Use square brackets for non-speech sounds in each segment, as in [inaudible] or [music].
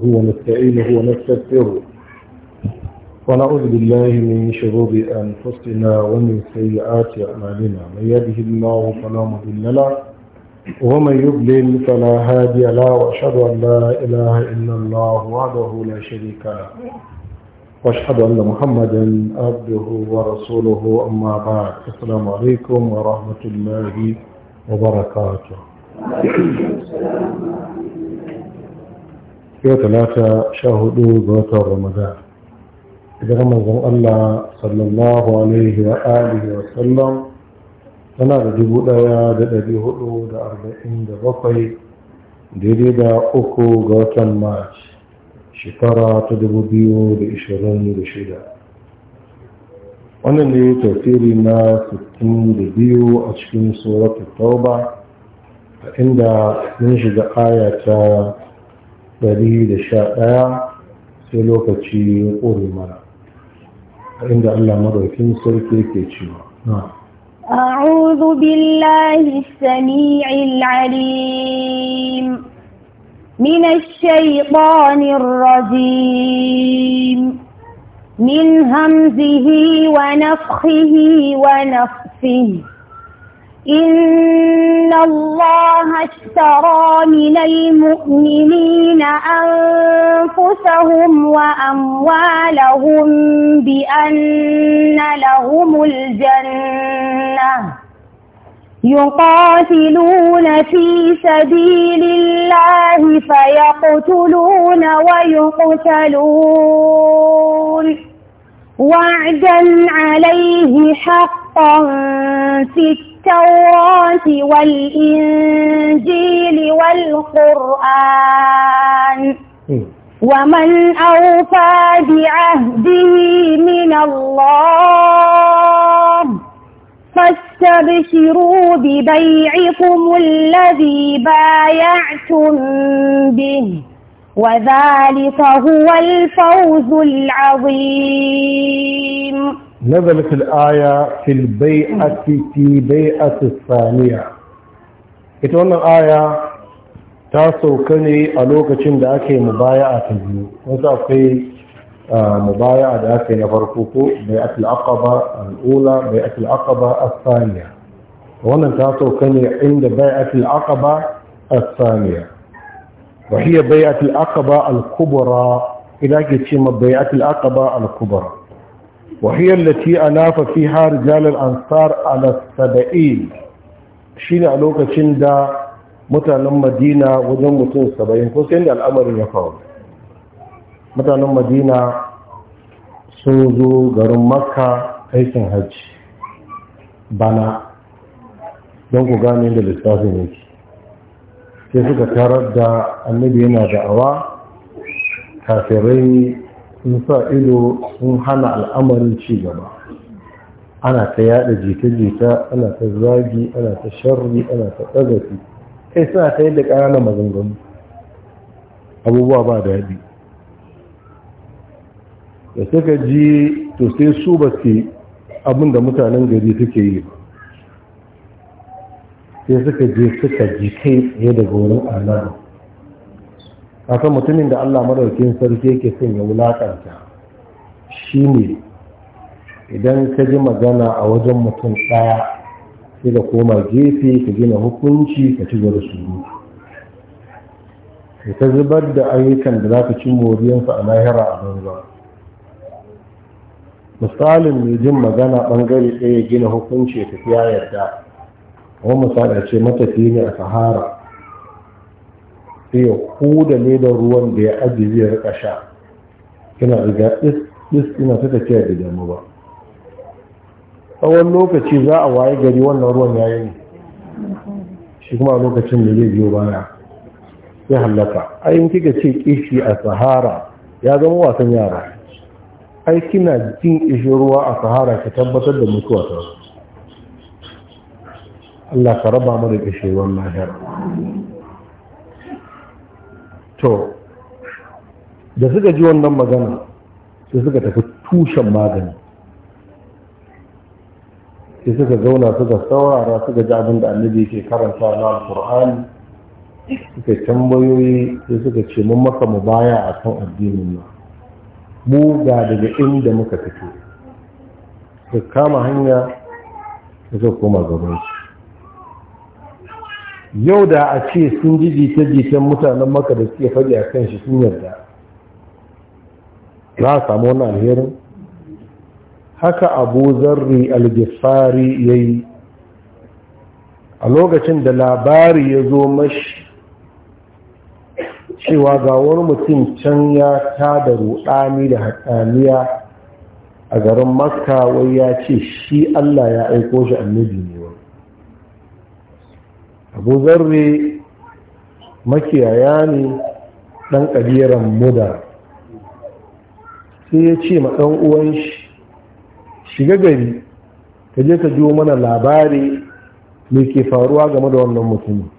ونستعينه ونستغفره ونعوذ بالله من شرور أنفسنا ومن سيئات أعمالنا من يهده الله فلا مضل له ومن يضلل فلا هادي له وأشهد أن لا إله إلا الله وحده لا شريك له وأشهد أن محمدا عبده ورسوله أما بعد السلام عليكم ورحمة الله وبركاته yau talata sha hudu ga watan ramadan idan manzon allah sallallahu alaihi wa alihi wa sallam tana da dubu daya da dari hudu da arba'in da bakwai daidai da uku ga watan march shekara ta dubu biyu da ishirin da shida wannan ne tafsiri na sittin da biyu a cikin suratul tauba inda mun shiga aya ta بدي الشائع في الوقت شيء يقول المرء عند الله مرة في مصر كيف نعم أعوذ بالله السميع العليم من الشيطان الرجيم من همزه ونفخه ونفسه إن الله اشترى من المؤمنين أنفسهم وأموالهم بأن لهم الجنة يقاتلون في سبيل الله فيقتلون ويقتلون وعدا عليه حقا في التوراة والإنجيل والقرآن إيه. ومن أوفى بعهده من الله فاستبشروا ببيعكم الذي بايعتم به وذلك هو الفوز العظيم نزلت الآية في البيعة في بيئة الثانية إتوانا الآية تاسو كني ألوك تشند أكي مبايعة تجيو وزاقي آه، مبايعة أكي نفرقوكو بيعة العقبة الأولى بيعة العقبة الثانية وانا تاسو كني عند بيعة العقبة الثانية وهي بيعة العقبة الكبرى إلاكي تشيما بيعة العقبة الكبرى وهي التي أناف فيها رجال الأنصار على السبعين شين ألوك شندا متعلم مدينة وجن متون السبعين فسين الأمر يقوم متعلم مدينة سوزو غرم مكة aikin hajji بنا don ku gane da lissafin yake sai suka tarar da annabi yana da'awa kafirai sun sa ido sun hana al'amarin ci gaba ana ta yada jita-jita ana ta zagi ana ta sharri ana ta tsagafi kai suna ta yadda ƙananan maganganu abubuwa ba daɗi da suka ji to sai su ba su abin da mutanen gari suke yi sai suka je suka ji kai tsaye daga wurin annabi kasan mutumin da Allah madaukin sarki yake son ya wulakanta shi ne idan ka ji magana a wajen mutum ɗaya sai ka koma gefe ka gina hukunci ka ci gaba su ka zubar da ayyukan da za ka ci moriyansa a lahira a banza misalin mai jin magana ɓangare ɗaya gina hukunci ya tafiya yarda wani misali ce matafi ne a sahara sai ya huda ledar ruwan da ya ajiye ya rika sha yana riga is ina ta tafiya da damu ba tsawon lokaci za a waye gari wannan ruwan ya yi shi kuma lokacin da zai biyo baya sai hallaka ayin kika ce kishi a sahara ya zama wasan yara ai kina jin ishin ruwa a sahara ka tabbatar da mutuwa ta Allah ka raba da kishin wannan yara to da suka ji wannan magana sai suka tafi tushen magani sai suka zauna suka saurara suka ji abin da annabi yake karanta na alkur'ani suka tambayoyi sai suka ce mun maka mu baya a kan addinin nan mu ga daga inda muka fito su kama hanya suka koma gaban yau da a ce sun ji jita-jitan mutanen maka da suke faɗi a kan shi sun yarda za a samu wani alherin haka abu zarri algifari ya yi a lokacin da labari ya zo mashi cewa ga wani mutum can ya ta da rudani da hatsaniya a garin makka wai ya ce shi allah ya aiko shi annabi ne abu zarre makiyaya ne ɗan ƙabiran muda sai ya ce ma ɗan uwan shi shiga gari ka je ka jo mana labari mai ke faruwa game da wannan mutumin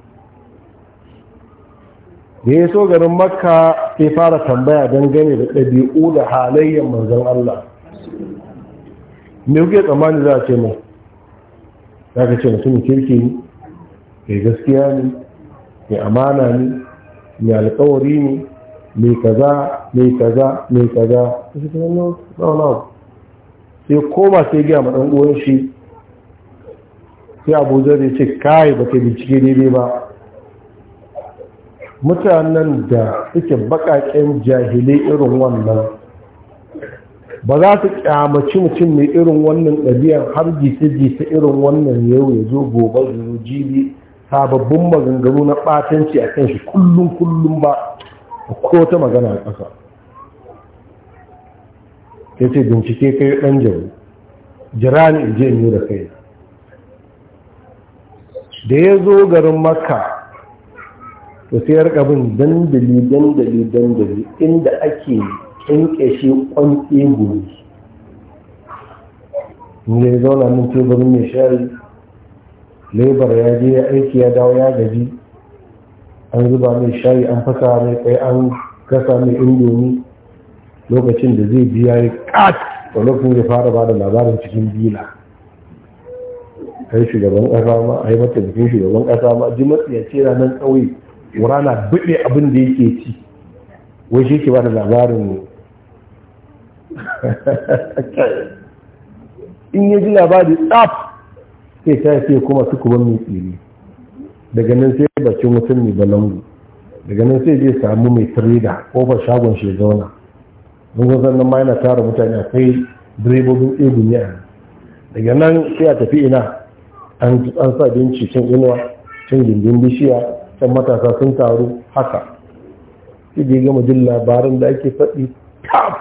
da ya so garin makka sai fara tambaya dangane da ɗabi'u da halayyar manzan Allah me kuke tsammani za a ce mai za ka ce mutumin kirki ne mai gaskiya ne mai amana ne mai alkawari ne mai kaza mai kaza mai kaza kuma yau tsawon sai koma sai gaya ma ɗan uwan shi sai abuja zai ce kayi ba ka bincike daidai ba mutanen da suke baƙaƙen jahilai irin wannan ba za su kyamaci mutum mai irin wannan ɗabi'ar har jita-jita irin wannan yau ya zo gobe ya jibi sababbin maganganu na ɓatanci a kan shi kullum kullum ba a kota magana a ƙasa ya ce bincike kai ɗan jaru jira ne in je ne da kai da ya zo garin makka da sai yar rika bin dandali dandali dandali inda ake kinkashe ƙwanƙe gudu ne zauna min teburin mai shari'a Labar ya je ya aiki ya dawo ya gaji an zuba mai shayi an fasa mai kai an kasa mai indomi lokacin da zai biya ya kat da lokacin da fara ba da labarin cikin bila kai shugaban kasa ma a yi mata jikin shugaban kasa ma ji matsiyace ranar nan wurana buɗe abin da yake ci wai shi ke ba da labarin [laughs] in ya ji labarin tsaf sai ta ce kuma su kuma mai tsiri daga nan sai bacin mutum mai balangu daga nan sai zai samu mai tireda kofar shagon shi zauna mun zo sannan ma yana tara mutane akwai direbobin ɗaya duniya daga nan sai a tafi ina an sa binci can inuwa can gindin bishiya can matasa sun taru haka sai da gama jin labarin da ake faɗi taf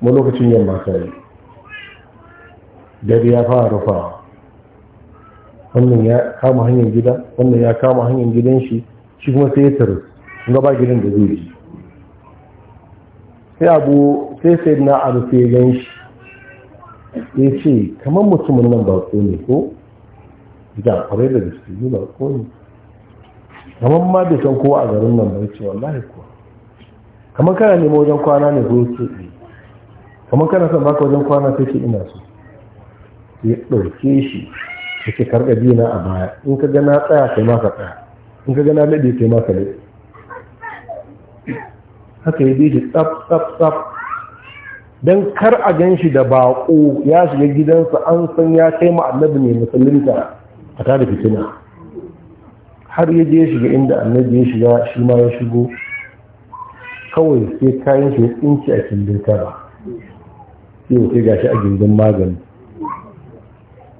ma lokacin yamma sai dare ya fara rufawa wannan ya kama hanyar gida wannan ya kama hanyar gidan shi shi kuma sai ya taru ga ba gidan da zai ji sai abu sai sai na abu sai gan shi ya ce kamar mutumin nan ba ne ko gida kwarai da gaske yi ba ne kamar ma da san kowa a garin nan bai ce wallahi ko kamar kana nema wajen kwana ne ko ce ne kamar kana son baka wajen kwana sai ce ina so ya ɗauke shi suke karɓa biyu na a baya in ka gana tsaya kai ma ka tsaya in ka gana daɗe kai ma ka daɗe haka yi bishi tsaf tsaf tsaf don kar a gan shi da baƙo ya shiga gidansa an san ya kai ma annabi ne musulunta a tare fitina har ya je shiga inda annabi ya shiga shi ma ya shigo kawai sai kayan shi ya tsinci a kindin kara sai ya gashi a gindin magani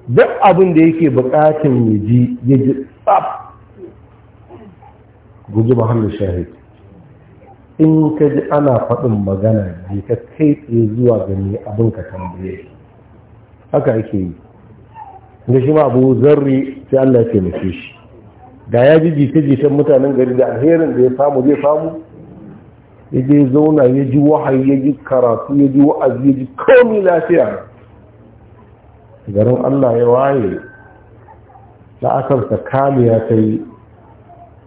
duk abin da yake bukatun ya ji ya ji tsab guji shahid in ka ji ana faɗin magana ne ka kai tsaye zuwa gani abin ka tambaye haka ake yi da shi ma abu zarri sai Allah ya taimake shi da ya ji jita-jitan mutanen gari da alherin da ya samu zai samu ya je zauna ya ji wahayi ya ji karatu ya ji wa'azi ya ji komi lafiya garin Allah ya waye la'asarsa kamiya ta yi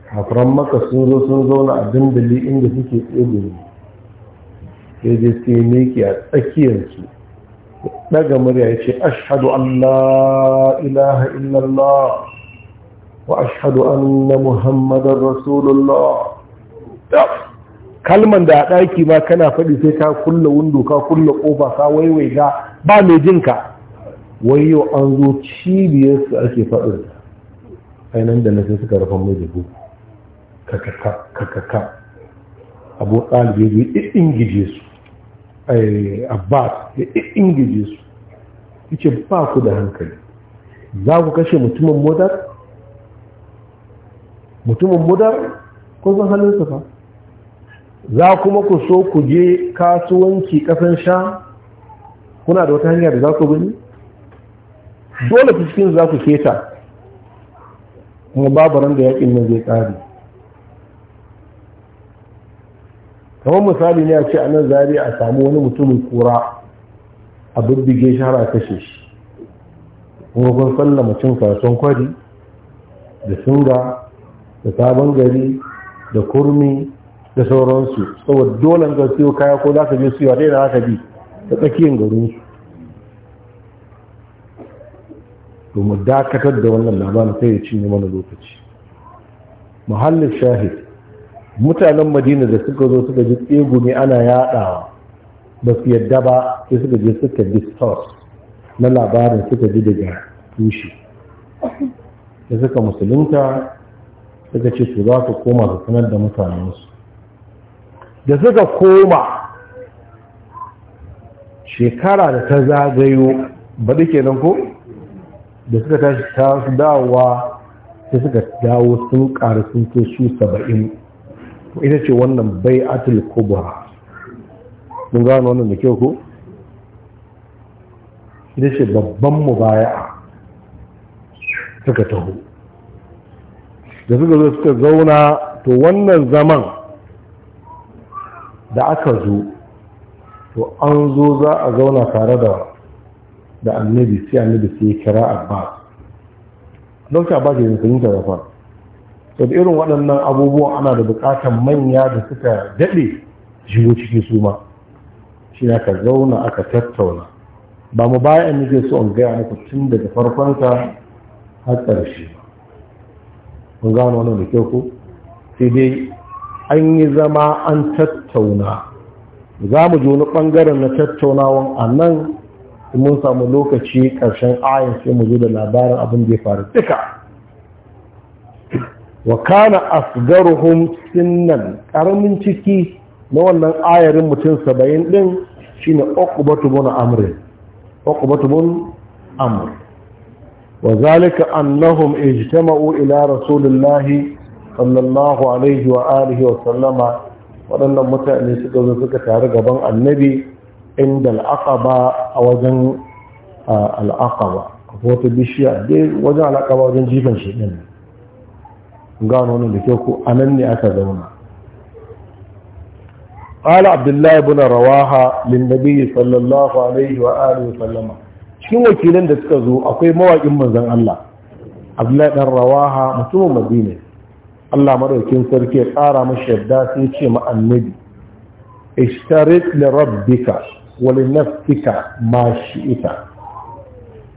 hafuran maka sun zo sun zauna a dandali inda suke tsegumi sai dai sai meki a tsakiyarsu daga murya ya ce ashadu Allah ilaha illallah wa ashadu anna muhammadar rasulullah kalman da a ɗaki ma kana faɗi sai ka kulla windo ka kulla ƙofa ka waiwai ga ba mai jinka wai yau an zo su ake faɗin ainihin da nasu suka rufa mai da buku kakaka abu ɗalibai ya ingije su abbas ya ingije su yace ba ku da hankali za ku kashe mutumin modar mutumin modar kun san halin su fa za kuma ku so ku je kasuwanci kasan sha kuna da wata hanya da za ku gani? dole ku cikin za ku keta kuma babu ran da yakin nan zai kare kamar misali ne a ce a nan zari a samu wani mutumin kura a bibbige shi kashe shi kuma kun sallama cin kasuwan kwari da singa da sabon gari da kurmi da sauransu saboda dole ga siyo kaya ko za ka je siyo a daina za ka bi da tsakiyar garinsu to dakatar da wannan labarin sai ya cinye mana lokaci muhallin shahid mutanen madina da suka zo suka ji tsegumi ana yadawa ba su yadda ba sai suka je suka na labarin suka ji daga tushe da suka musulunta suka ce su za su koma su sanar da mutanensu da suka koma shekara da ta zagayo baɗi kenan ko da suka tashi ta dawowa sai suka dawo sun ƙara sun so su saba'in ita ce wannan bai atul kubra mun gano wannan da kyau ko ita ce babban mu baya suka taho da suka zo suka zauna to wannan zaman da aka zo to an zo za a zauna tare da da annabi sai annabi sai ya kira abbas dauka abbas ya sun ta fa to da irin waɗannan abubuwan ana da buƙatar manya da suka daɗe shigo ciki su ma shi aka zauna aka tattauna ba mu baya zai so in gaya muku tun daga farkonsa har ƙarshe mun gano wannan da kyau ko sai dai an yi zama an tattauna za mu ji wani ɓangaren na tattaunawan a nan mun samu lokaci ƙarshen ayin sai mu zo da labarin abin da ya faru duka wa kana asgaruhum sinnan karamin ciki na wannan ayarin mutum saba'in din shine uqbatu bin amr uqbatu bin amr wa zalika annahum ijtama'u ila rasulillahi sallallahu alaihi wa alihi wa sallama waɗannan mutane suka zo suka taru gaban annabi inda al'aqaba a wajen al'aqaba wata bishiya dai wajen al'aqaba wajen jifan shi ɗin gano ne da kyau ko anan ne aka zauna Abdullahi Buna الله بن رواحة sallallahu alaihi الله عليه وآله sallama. cikin wakilin da suka zo akwai mawaƙin manzan Allah Abdullahi dan Rawaha mutumin Madina Allah madaukin sarki ya ƙara mashi yadda sai ce ma annabi ishtarit li rabbika walinaftika ma shi ita.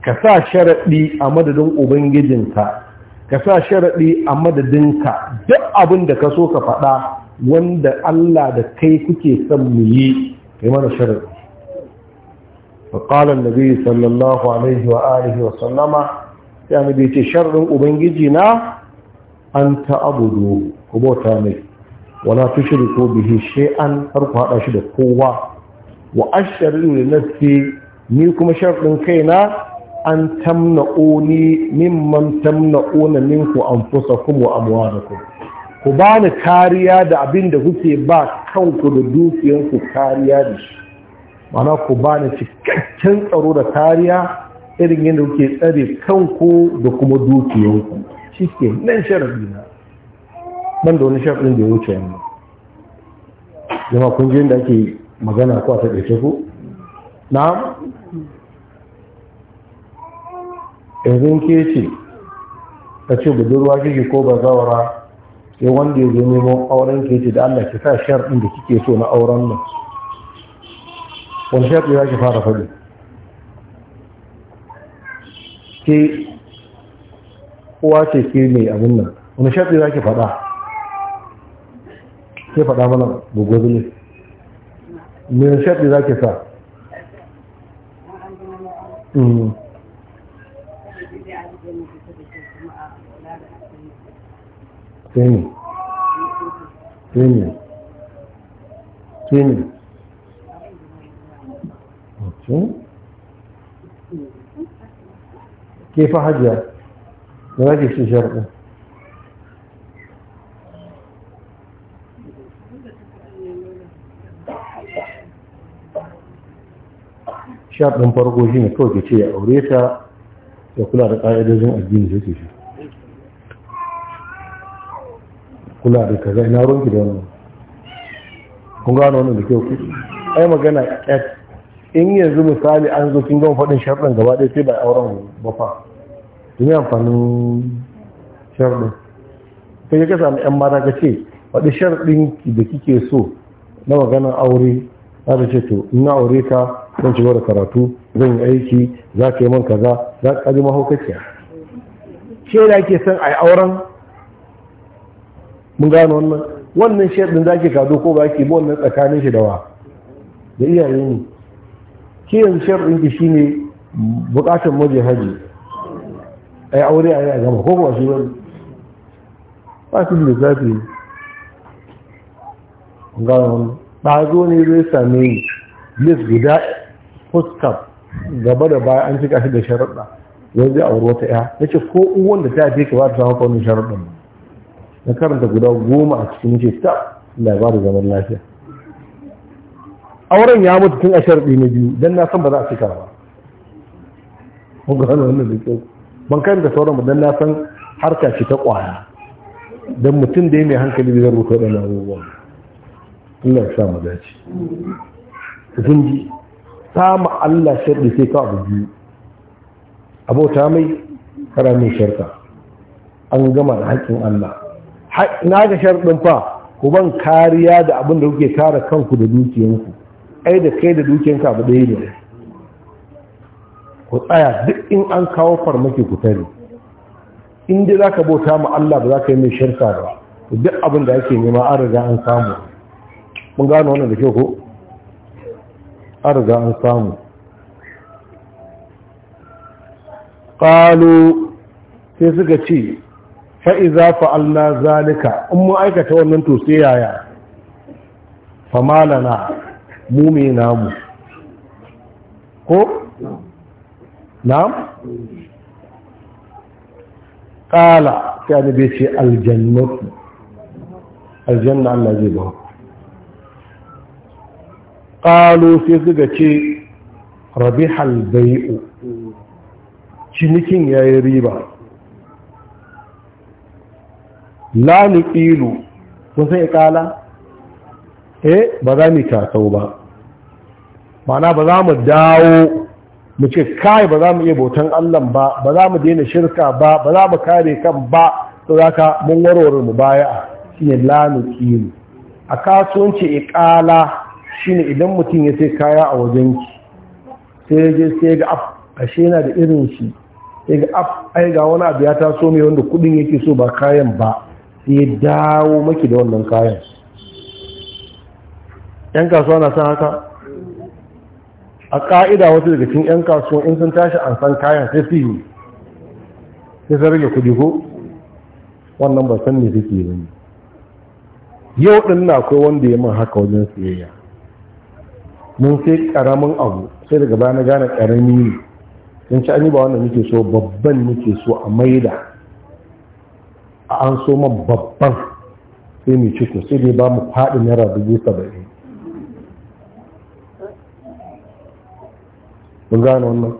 ka sa sharaɗi a madadin ubangijinka ka sa sharaɗi a madadinka duk abin da ka so ka faɗa wanda Allah da kai kuke son mu yi yi mana sharaɗi فقال النبي صلى الله عليه وآله وسلم يعني بيتي شر أبنجينا أن تعبدوا كبوتا ولا تشركوا به شيئا فرقوا هذا شيء قوة wa asharin li nafsi ni kuma sharɗin kaina an tamna'uni mimman an minku kuma wa da ku ba ni kariya da abin da kuke ba kanku da dukiyanku kariya da shi mana ku ba ni cikakken tsaro da kariya irin yadda kuke tsare kanku da kuma dukiyanku shi ke nan sharaɗi na ban da wani sharaɗin da ya wuce yamma jama kun ji yadda ake magana ko a ɗaya ku na ɗin ke ce ta ce budurwa kike ko ba zawara sai wanda ya zo neman auren ke ce da allah ki sa sharɗin da kike so na auren nan wani sharɗi za ki fara faɗi ke uwa ce ke mai abin nan wani sharɗi za ki faɗa ke faɗa mana gugu ne من الشكل ذاك فا تاني تاني تاني كيف حجة؟ ما في شرط shaɗin farko shi ne kawai ke ce ya aure ta ya kula da ƙa'idojin addini da ke shi kula da kaza ina ki da wannan kun gano wannan da kyau ai magana ƙyat in yanzu misali an zo kin gama faɗin sharɗin gaba ɗaya sai ba auren ba fa tuni amfanin sharɗin sai ka samu 'yan mata ka ce faɗi sharɗin da kike so na maganar aure aka ce to ina aure ka zan ci da karatu zan yi aiki za ka yi man kaza za ka ji mahaukaciya shaida ake son a yi auren mun gano wannan wannan shaidin za ke kado ko ba ke bi wannan tsakanin shi da wa da iyaye ne ke yanzu shaidin ki ne bukatar maje haji a yi aure a yi a gama ko kuma shi wani ba su da zafi mun gano wannan ba zo ne zai same list guda fuskar gaba da baya an cika shi da sharaɗa yau zai auri wata ya ya ce ko uwan da ta fi ka ba ta samu kwanin sharaɗa na karanta guda goma a cikin ce ta labarin zaman lafiya auren ya mutu tun a sharaɗi na biyu don na san ba za a cika ba mun gano wannan da kyau ban karanta sauran ba don na san harka ce ta ƙwaya don mutum da ya mai hankali zai rubuta da waɗannan abubuwan Allah ya sa mu dace kun ji sama Allah sharri sai ka abu biyu abota mai kara mai an gama da haƙƙin Allah na ga sharɗin fa ku ban kariya da abin da kuke kare kanku da dukiyanku ai da kai da dukiyanka abu ɗaya ne ku tsaya duk in an kawo farmaki ku tare in dai ka bauta ma Allah ba za ka yi mai shirka ba duk abin da ake nema an riga an samu mun gano wannan da ke ko an riga an samu ƙalu sai suka ce fa'iza fa’alla zalika in mu aikata wannan to sai yaya famalana mu mai namu ko? na? ƙala sai annabe ce aljannatu aljanna Allah zai ba ƙalo sai suka ce rabi halbai'u cinikin ya yi riba lani ilu kun sai ƙala eh ba za mu kasau ba mana ba za mu dawo mu ce kai ba za mu iya bautan allon ba ba za mu daina shirka ba ba za mu kare kan ba za zaka mun warware mu baya shine lani ilu a kasuwanci iƙala shine idan mutum ya sai kaya a wajenki sai ya je sai ga af ashe yana da irin shi sai ga af ai ga wani abu ya taso mai wanda kudin yake so ba kayan ba sai ya dawo maki da wannan kayan yan kasuwa na san haka a ka'ida wasu daga cikin yan kasuwa in sun tashi an san kayan sai su yi sai sun rage kudi ko wannan ba san me suke yi yau din na akwai wanda ya min haka wajen siyayya mun fi karamin abu sai daga baya na gane karami ne sun ci an yi ba wanda muke so babban muke so a maida a an so man babban sai mai ciko sai dai ba mu faɗi naira dubu saba'in mun gane wannan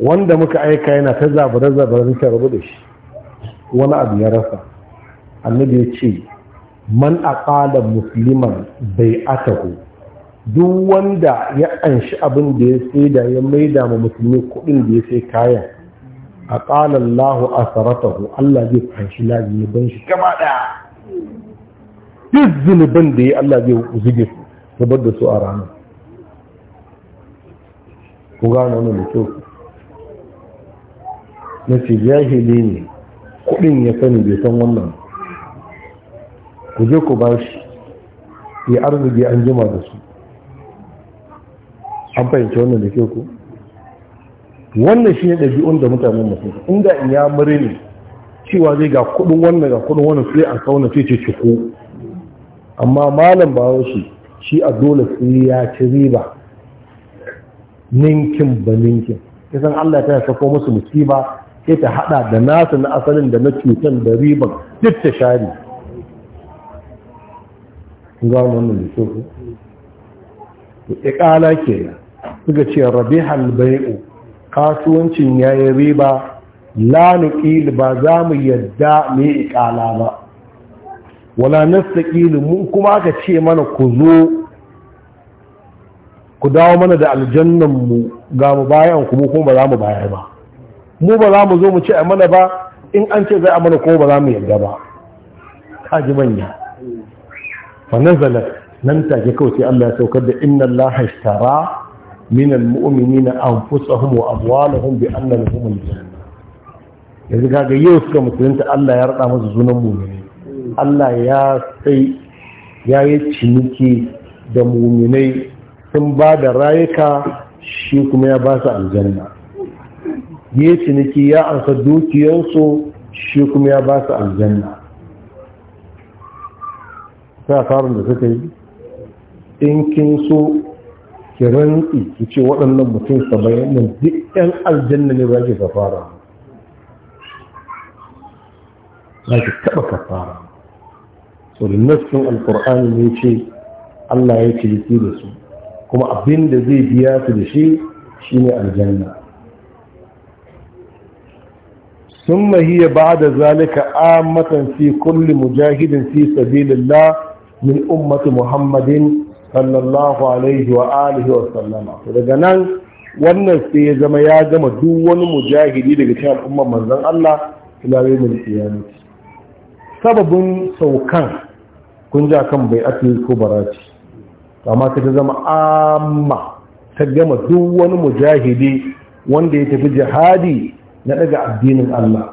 wanda muka aika yana ta zabare-zabare nika rabu da shi wani abu ya rasa annabi ya ce man aqala musliman bai atahu duk wanda ya anshi abin da ya saida ya maida ma musulmi kuɗin da ya sai kayan a lahu a saratahu Allah zai fanshi ban shi gaba ɗaya duk zunuban da ya Allah zai zuge su zubar da su a ranar ku gano wani da kyau na ce hili ne kuɗin ya sani bai san wannan ku je ku bashi ya arziki an jima da su an fahimci wannan da ke ku wannan shi ne ɗabi'un da mutanen masu inda in ya mure ne cewa zai ga kudin wannan ga kudin wannan sai a kauna ce ce ciko amma malam ba shi shi a dole sai ya ci riba ninkin ba ninkin kisan Allah ta sako musu musiba sai ta hada da nasa na asalin da na cutan da riban duk ta share gano wannan da ke ku iqala ke, suka ce rabi bai'u kasuwancin ya yi riba lanukil ba za mu yadda mu iqala ba wala nastaqil mun kuma aka ce mana ku zo ku dawo mana da aljannan mu ga mu bayan ku kuma ba za mu bayar ba mu ba za mu zo mu ce a mana ba in an ce zai a mana kuma ba za mu yadda ba kaji manya fa nazalat nan take kawai sai Allah ya saukar da inna Allah ashtara min almu'minina anfusahum wa amwalahum bi anna lahum aljanna yanzu kaga yau suka musulunta Allah ya rada musu sunan mu'mini Allah ya sai ya yi ciniki da mu'minai sun ba da rayuka shi kuma ya ba su aljanna ya yi ciniki ya ansa dukiyansu shi kuma ya ba su aljanna ta farin da suka yi in kin so ki rantsi ki ce waɗannan mutum saba'in nan duk 'yan aljanna ne ba ki kafara ba ki taɓa kafara so da nassin Alƙur'ani ne ce Allah ya ce yake da su kuma abin da zai biya su da shi shine aljanna ثم هي بعد ذلك عامة في كل مجاهد في سبيل الله من أمة محمد sallallahu alaihi wa alihi wa sallama to daga nan wannan sai ya zama ya gama duk wani mujahidi daga cikin al'ummar manzon Allah ila yawmil qiyamah sababin saukan kun ja kan bai atil ko barati amma ta zama amma ta gama duk wani mujahidi wanda ya tafi jihadi na daga addinin Allah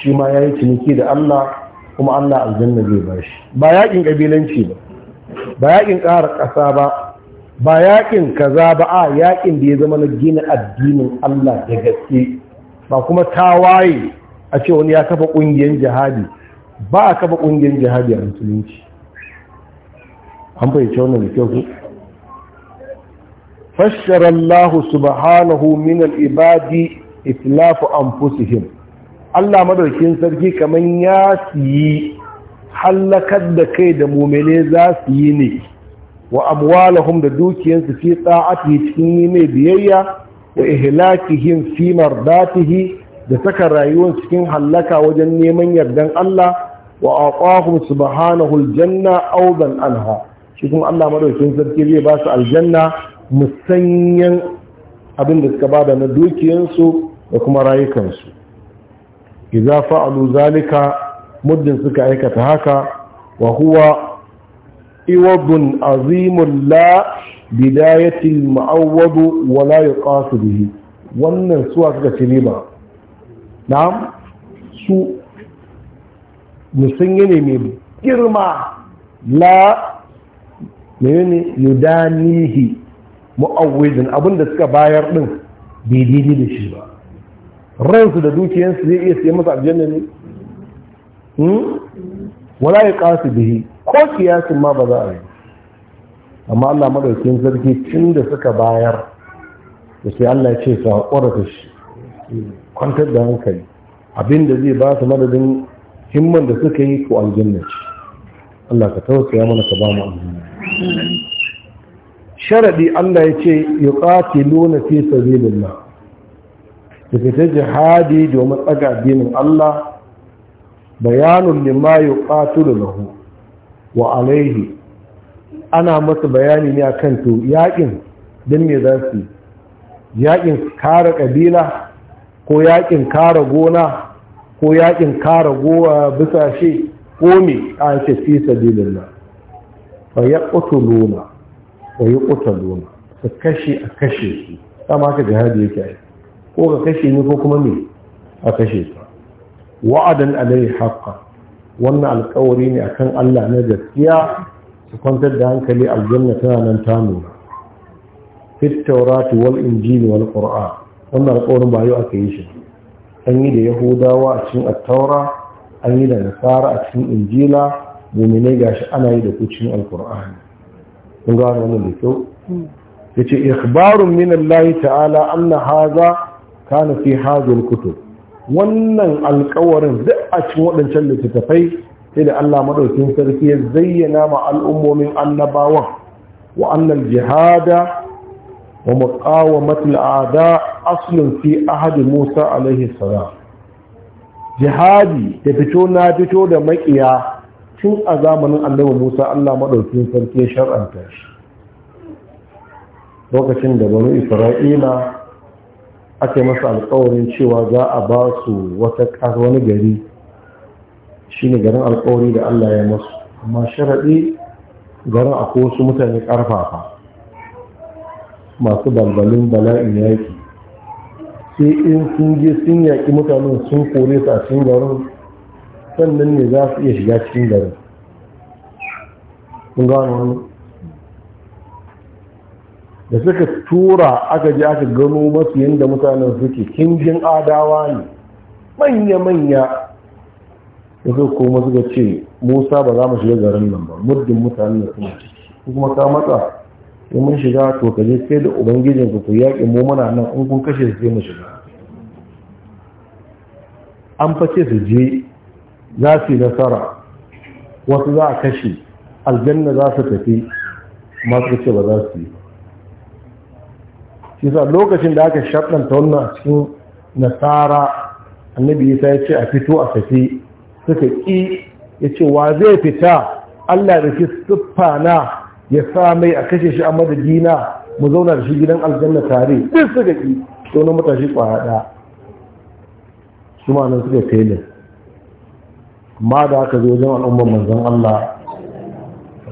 shi ma ya ciniki da Allah kuma Allah aljanna zai bashi. ba yakin kabilanci ba ba yakin ƙara ƙasa ba ba yakin kaza ba a yakin da ya zama na gina addinin Allah da gaske ba kuma tawaye a ce wani ya kafa ƙungiyar jihadi ba a kafa ƙungiyar jihadi a musulunci an fahimci wannan da kyau ku fashara Allah subhanahu min al-ibadi itlafu anfusihim Allah madaukin sarki kaman ya siyi hallakar da kai da mumene za su yi ne wa amwalahum da dukiyansu fi tsa'ati cikin yi mai biyayya wa ihlakihim fi mardatihi da saka rayuwar cikin hallaka wajen neman yardan Allah wa aqahum subhanahu aljanna aw ban anha shi kuma Allah madaukin sarki zai ba su aljanna musanyan abin da suka bada na dukiyansu da kuma rayukansu idza fa'alu zalika muddin suka aikata haka wa huwa iwadun azimun la bidayatil ma'awwadu wa la yuqasu bihi wannan suwa suka ci ba na'am su musanyi ne mai girma la menene yudanihi mu'awwidin abinda suka bayar din bai daidai da shi ba ransu da dukiyansu zai iya sai masa aljanna ne Hmm? wala ya kasu bihi ko kiyasin ma ba za a yi amma Allah madaukin zargi tun da suka bayar da sai Allah ya ce ka haƙura da shi kwantar da hankali abinda zai ba su madadin himman da suka yi ko aljanna ce Allah ka tausaya mana ka ba mu aljanna sharadi Allah ya ce ya yuqatiluna fi sabilillah suka ta jihadi domin tsaga addinin Allah bayanun lima yuqatilu lahu wa alaihi ana masa bayani ne akan to yakin don me za su yakin kare kabila ko yakin kare gona ko yakin kare gowa bisa shi ko me an ce fi sabilillah fa yaqtuluna wa yuqtaluna kashe a kashe su sama ka jihadi yake ai ko ka kashe ni ko kuma me a kashe su wa'adan alai haqqan wannan alƙawari ne akan Allah na gaskiya su kwantar da hankali aljanna tana nan ta nuna fit tawrat wal injil wal qur'an wannan alƙawarin ba yau aka yi shi an yi da yahudawa a cikin attaura an yi da nasara a cikin injila muminai gashi ana yi da kucin alqur'ani kun gano wannan da kyau hmm. yace ikhbarun min Allah ta'ala anna hadha kana fi hadhihi al-kutub wannan alkawarin duk a cikin waɗancan littattafai sai da Allah madaukin sarki ya zayyana ma al'ummomin annabawan wa annal jihada wa muqawamatil a'da aslun fi ahadi Musa alaihi salam jihadi da fito na fito da makiya tun a zamanin annabi Musa Allah madaukin sarki ya shar'anta shi lokacin da banu Isra'ila aka yi masa alkawarin cewa za a ba su wata ƙasa wani gari shi ne garin alkawari da Allah ya masu amma sharaɗi garin akwai wasu mutane ƙarfafa masu balbalin bala'in yaƙi sai in sun je sun yaƙi mutanen sun kore su a cikin garin sannan ne za su iya shiga cikin garin kun gano wani da suka tura aka ji aka gano masu yadda mutanen suke kingin adawa ne manya-manya da suka koma suka ce musa ba za mu shiga garin nan ba muddin mutanen da suna ciki kuma ka matsa sai mun shiga to ka je sai da ubangijin ku yaƙi mu muna nan in kun kashe sai mu shiga an fashe su je za su yi nasara wasu za a kashe aljanna za su tafi masu ce ba za su yi ba kisa lokacin da aka shaɗanta wannan a cikin nasara annabi isa ya ce a fito a tafi suka ƙi ya ce wa zai fita allah da ke siffa na ya sa mai a kashe shi a madadina mu zauna da shi gidan aljanna tare duk suka ƙi to matashi ƙwaya ɗaya su ma nan suka tele amma da aka zo wajen al'ummar manzon allah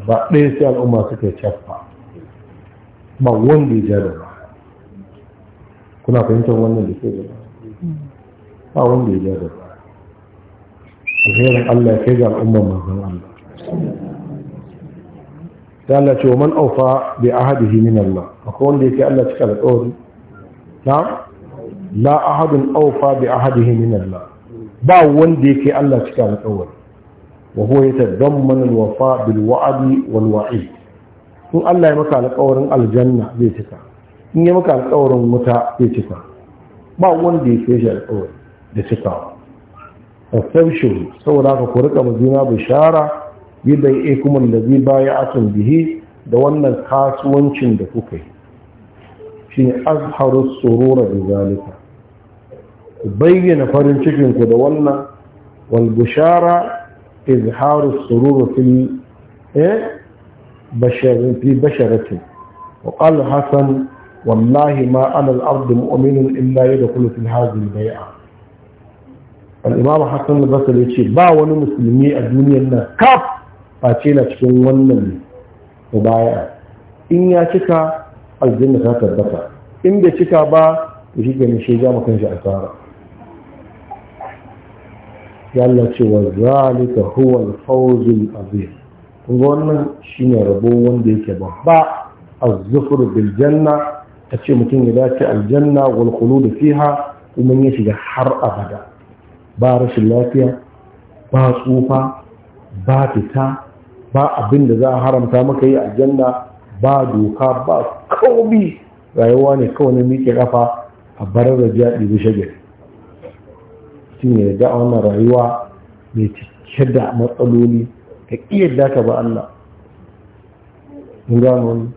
ba ɗaya sai al'umma suka cefa. ba wanda ya jarraba kuna fahimtar wannan da ke gaba ba wanda ya ja da alherin Allah ya kai ga al'ummar manzon Allah da Allah ce wa man aufa bi ahadihi min Allah akwai wanda yake Allah cika da tsori na la ahadun aufa bi ahadihi min Allah ba wanda yake Allah cika da tsori wa huwa yatadamman al-wafa bil wa'di wal wa'id Kun Allah ya maka alƙawarin aljanna zai cika in yi maka alkawarin wuta ya cika ba wanda ya fi shi alkawari da cika. Assumption saboda ka ku rika mazina bishara bi da ya kuma lazi baya atun bihi da wannan kasuwancin da kuka yi shi ne azharu surura da zalika bayyana farin cikinku da wannan walbushara izharu sururu fil eh basharatin wa qala wallahi ma ana al'ardu muminu illa ya da kulu fil hazin bai'a al'imam hassan al-basar ya ce ba wani musulmi a duniyar nan kaf face na cikin wannan mubaya in ya cika aljanna ta tabbata in bai cika ba to shi ke shi ja makan shi asara ya Allah ce wa zalika huwa al-fawzul wannan shine rabo wanda yake babba az-zufur bil janna a ce mutum ya dace aljanna wal da fiha kuma ya shiga har abada ba rashin lafiya ba tsufa ba fita ba abin da za a haramta maka yi aljanna ba doka ba komi rayuwa ne kawai na miƙe kafa a barar da jaɗi da shagari mutum ya da a wannan rayuwa mai cike da matsaloli ka iya yadda ka ba Allah. Ingano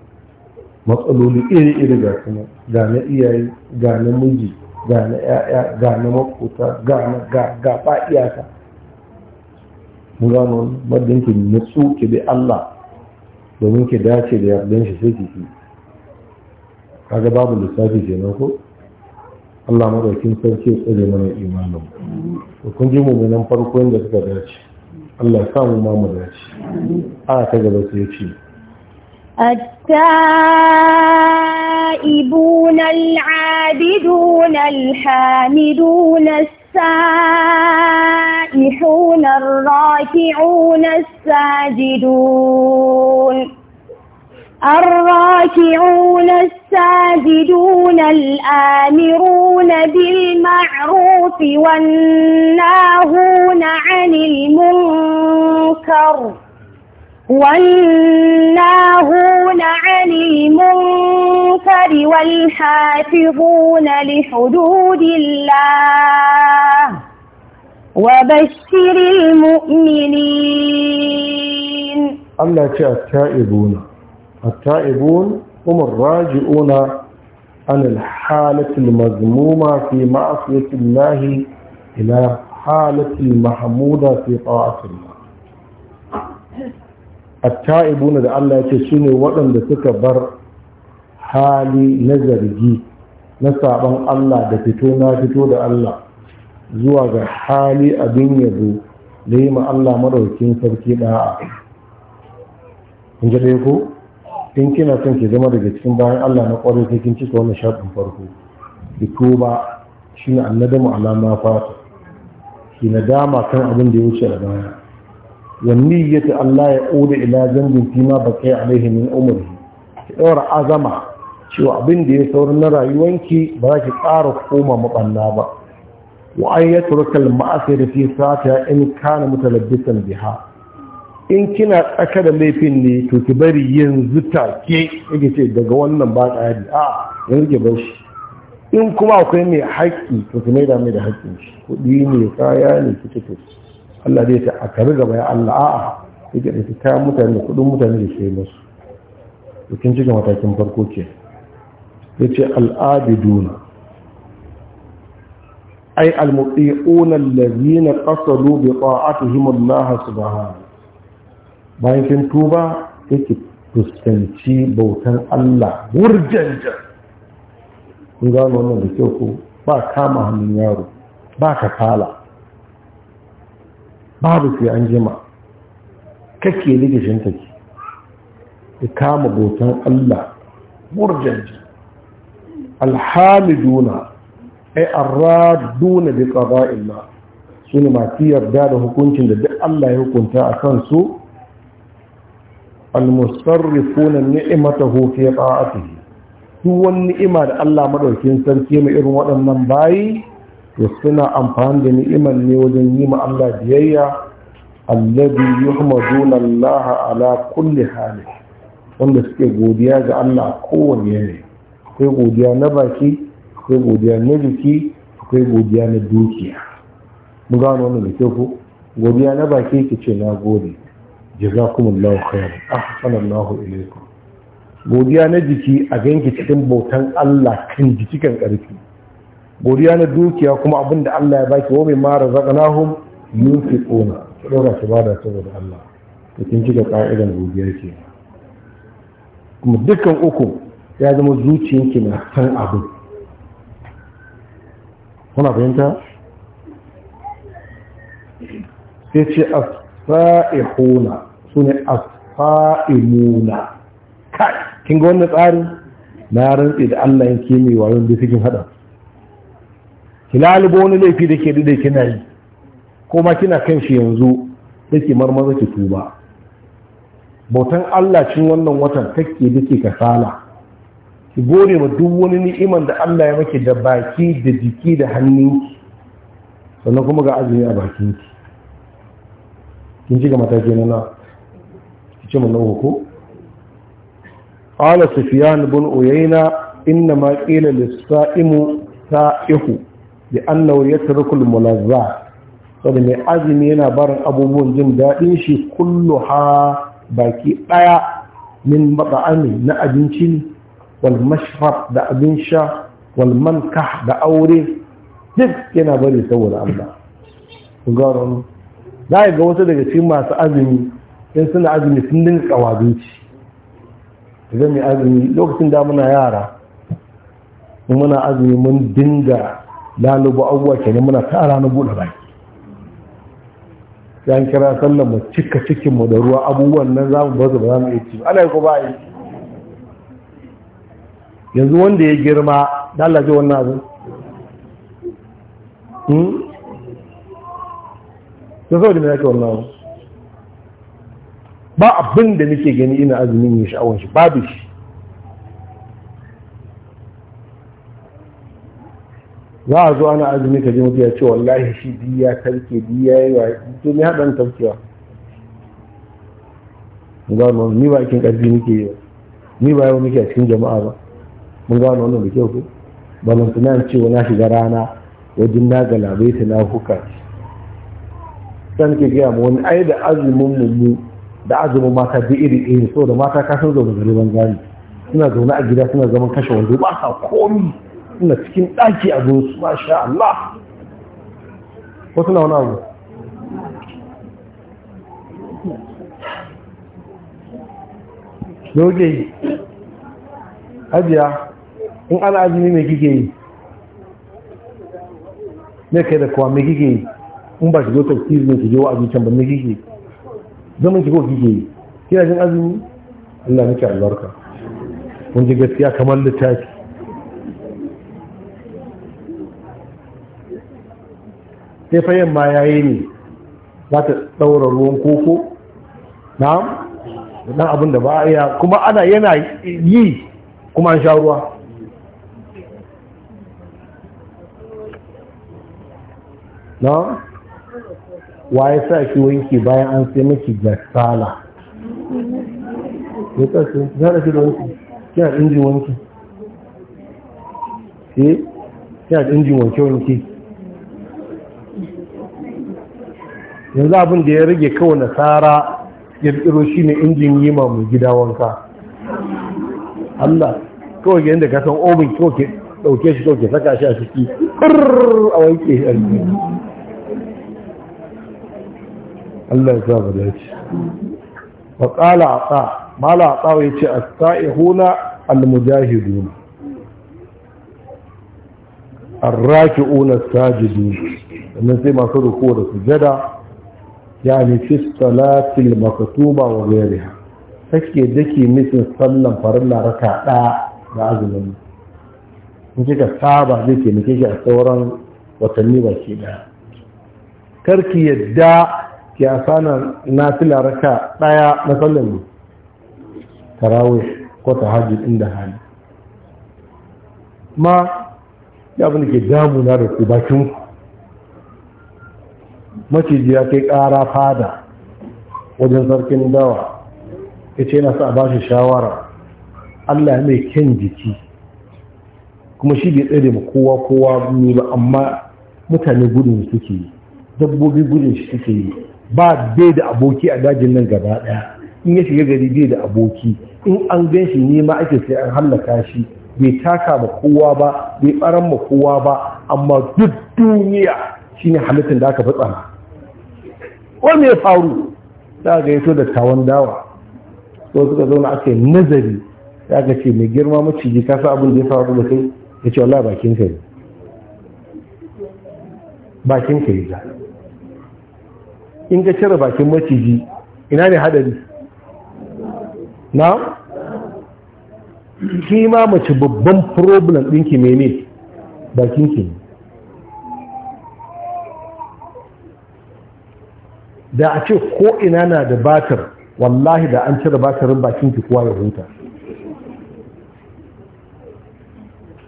matsaloli iri-iri ga kuma ga na iyaye ga na miji ga na ya'ya ga na makota ga na ga ba iyaka mun gano maddin ki nutsu ki bi Allah domin ki dace da yardan shi sai ki kaga babu lissafi nan ko Allah madaukin sarki ya tsare mana imanin to kun ji mu'minan farko yadda suka dace Allah ya samu ma mu dace a ta gaba sai ya ce التائبون العابدون الحامدون السائحون الراكعون الساجدون الراكعون الساجدون الآمرون بالمعروف والناهون عن المنكر والناهون عن المنكر والحافظون لحدود الله وبشر المؤمنين الله يا التائبون التائبون هم الراجعون عن الحالة المذمومة في معصية الله إلى حالة المحمودة في طاعة الله atta'ibuna da Allah ya ce ne waɗanda suka bar hali na zargi na saban Allah da fito na fito da Allah zuwa ga hali abin yabo da yi ma Allah maɗaukin sarki ɗa'a in ji ko in kina son ke zama daga cikin bayan Allah na ƙwarai sai kin cika wani shafin farko ki tuba shine mu alama fata ki nadama kan abin da ya wuce a baya والنية أن لا يقول إلى ذنب فيما بقي عليه من أمره ɗaura azama cewa abinda ya saurin na rayuwarki ba za ki ƙara koma maɓanna ba wa an ya turkal ma'asir fi sata in kana mutalabbisan biha in kina tsaka da laifin ne to ki bari yanzu take yake ce daga wannan ba Aa, a yanzu ki bar shi in kuma akwai mai haƙƙi to ki maida mai da haƙƙin kuɗi ne kaya ne kike Allah zai ta a kari gaba ya Allah a'a yake da kayan mutane da kudin mutane da sai musu bikin cikin matakin farko ke ya ce al'abiduna ai al-mutsi'una allazina qasalu bi ta'atihim Allah subhanahu bayan kin tuba yake fuskanci bautan Allah wurjanja kun ga wannan da kyau ko ba kama hannun yaro ba ka kala babu sai an jima kake ligashin take ya kama botan Allah murjanji alhamiduna ai arraduna bi qada'illah sune masu yarda da hukuncin da duk Allah ya hukunta a su almustarrifuna ni'matahu fi ta'atihi duk wani ni'ima da Allah madaukin sarki mai irin waɗannan bayi to suna amfani da ni'imar ne wajen yi ma Allah biyayya alladhi yuhmaduna Laha ala kulli hali wanda suke godiya ga Allah kowanne yanayi akwai godiya na baki akwai godiya na jiki akwai godiya na dukiya mu gano wannan da kyau ko godiya na baki ki ce na gode jazakumullahu khairan ahsanallahu ilaykum godiya na jiki a ganki cikin bautan Allah kan jiki kan karfi godiya na dukiya kuma abin da Allah ya baki wani mara zaka zaƙanahun yunfi ƙona su ɗora su da saboda Allah da kin da ƙa'idan godiya ke kuma dukkan uku ya zama zuciyanki na san abin kuna fahimta sai ce a asfa'ihuna su ne a nuna, kai kin ga wannan tsari? na rantsi da Allah yanke mai wayo da cikin haɗa ki lalubo wani laifi da ke da kina yi ko ma kina kan shi yanzu da ke marmaza ki tuba bautan Allah cin wannan watan take da ke kasala ki gode ma duk wani ni'iman da Allah ya maki da baki da jiki da hannunki sannan kuma ga azumi a bakinki kin ji ga mataki na na ki ce mana ko qala sufyan bin uyayna inna ma qila lis-sa'imu sa'ihu bi annahu yatrukul mulazza saboda mai azumi yana barin abubuwan jin daɗin shi kullu ha baki ɗaya min matsa'ami na abinci wal mashrab da abin sha wal manka da aure duk yana bari saboda Allah gano dai ga wasu daga cikin masu azumi in suna azumi sun dinga kawabinci zai mai azumi lokacin da muna yara muna azumi mun dinga lalubu abubuwa kenan muna ta ranar buɗe baki yan kira sallar mu cika cikin mu da ruwa abubuwan nan za mu su ba za mu iya ci ana yi ko ba yi yanzu wanda ya girma dalaje wannan abin hmm? ta sau da mai yake wannan abin ba abin da nake gani ina azumin ya sha'awar shi babu shi za a zo ana azumi ka ji mutu ya ce wallahi shi biya tarke biya ya yi wa to ne haɗin ga gano ni ba kin ƙarfi nike yi ni ba yau nike a cikin jama'a ba mun gano wannan da kyau ko ce cewa na shiga rana wajen na labai ta na huka san ke gaya mu wani ai da azumin mu da azumin mata bi iri iri so da mata ka san zaune gari ban gani suna zaune a gida suna zaman kashe wando ba sa komi suna cikin ɗaki a gunsu masha Allah wasu na wani abu yau hajiya in ana ajiye mai gige yi mai kai da kuwa mai gige yi in ba ki zo tafsir ne ki je ajiye can ba mai gige zaman ki ko gige yi kira jin azumi Allah nake albarka wanda gaskiya kamar littafi sai fa yamma yayi ne za ta ɗaura ruwan koko Na dan abin da ba iya kuma ana yana yi kuma an sha ruwa na wa ya sa shi wanki bayan an sai maki gasala ya kasu na shi da wanki kina injin wanki eh kina injin wanke wanki yanzu abin da ya rage kawai nasara tsiro shi ne injin yi ma mai gida wanka Allah kawai yadda ka san obin kawai ɗauke shi kawai saka shi a ciki a wanke shi a Allah ya sa ba dace wa qala ata mala ata yace as-sa'ihuna al-mujahidun al rakiuna as-sajidun sannan sai masu rukuwa da sujada yani fi salatil maktuba wa ghayriha take dake nufin sallan farilla raka ɗaya da azumin in kika saba zai nake shi a sauran watanni ba baki ɗaya karki yadda ki asana nafila raka ɗaya na sallan tarawih ko tahajjud inda hali ma ya bani da ke na da ku bakin maciji ya kai ƙara fada wajen sarkin dawa ya ce yana sa ba shi shawara allah mai kyan jiki kuma shi bai tsere ma kowa kowa ne ba amma mutane gudun suke yi dabbobi gudun shi suke yi ba bai da aboki a dajin nan gaba daya in ya shiga gari bai da aboki in an gan shi nema ake sai an hallaka shi bai taka ma kowa ba bai baran ma kowa ba amma duk duniya shine halittar da aka fi tsana ko me faru Da ga yato da tawon dawa ko suka zauna aka yi nazari ya ga ce mai girma maciji ka sa abin da ya faru da kai ya ce wallah bakin ka yi bakin ka yi za in ka cire bakin maciji ina ne hadari na kima mace babban problem ɗinki mene bakin ki ne da a ce ko ina na da batir wallahi da an cire batirin bakin ki kuwa ya huta